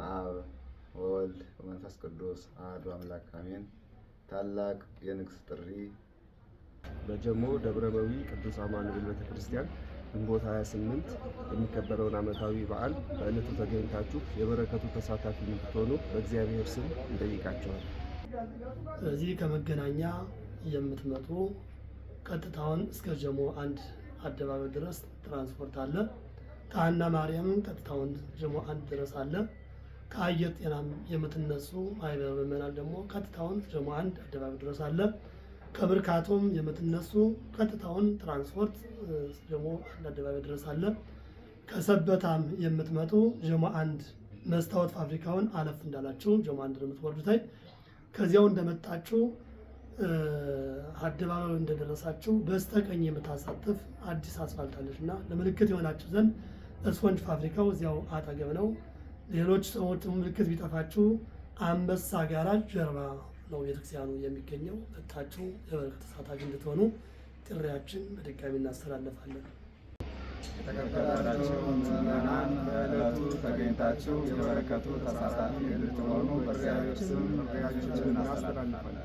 አብ ወወልድ ወመንፈስ ቅዱስ አሐዱ አምላክ አሜን። ታላቅ የንግስ ጥሪ በጀሞ ደብረ መዊ ቅዱስ አማኑኤል ቤተ ክርስቲያን ግንቦት 28 የሚከበረውን ዓመታዊ በዓል በዕለቱ ተገኝታችሁ የበረከቱ ተሳታፊ እንድትሆኑ በእግዚአብሔር ስም እንጠይቃችኋል። ስለዚህ ከመገናኛ የምትመጡ ቀጥታውን እስከ ጀሞ አንድ አደባባይ ድረስ ትራንስፖርት አለ። ጣና ማርያም ቀጥታውን ጀሞ አንድ ድረስ አለ። ከአየር ጤናም የምትነሱ ማህበረ ምዕመናን ደግሞ ቀጥታውን ደግሞ አንድ አደባባይ ድረስ አለ። ከመርካቶም የምትነሱ ቀጥታውን ትራንስፖርት ደግሞ አንድ አደባባይ ድረስ አለ። ከሰበታም የምትመጡ ጀሞ አንድ መስታወት ፋብሪካውን አለፍ እንዳላችሁ ጀሞ አንድ ነው የምትወርዱታይ። ከዚያው እንደመጣችሁ አደባባዩ እንደደረሳችሁ በስተቀኝ የምታሳትፍ አዲስ አስፋልት አለች እና ለምልክት የሆናችሁ ዘንድ እስፖንጅ ፋብሪካው እዚያው አጠገብ ነው። ሌሎች ሰዎች ምልክት ቢጠፋችሁ አንበሳ ጋራ ጀርባ ነው ቤተክርስቲያኑ የሚገኘው። መጥታችሁ የበረከት ተሳታፊ እንድትሆኑ ጥሪያችን በድጋሚ እናስተላለፋለን። የተከበራችሁ ምዕመናን በዕለቱ ተገኝታችሁ የበረከቱ ተሳታፊ እንድትሆኑ በእግዚአብሔር ስም እናስተላልፋለን።